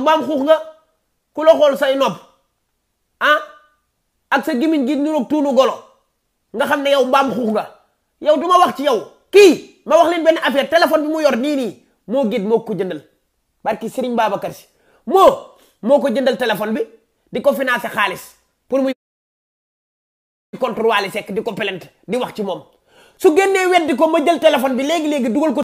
mbaam xuux nga ku la xool say nopp ah ak sa gémmiñ gi niroog tuunu golo nga xam ne yow mbaam xuux nga yow du ma wax ci yow kii ma wax leen benn affaire téléphone bi mu yor nii nii moo gét moo ko jëndal barki Serigne Babacar Si moo moo ko jëndal téléphone bi di ko financé xaalis pour muy contre Wally Seck di ko plainte di wax ci moom su génnee weddi ko ma jël téléphone bi léegi-léegi dugal ko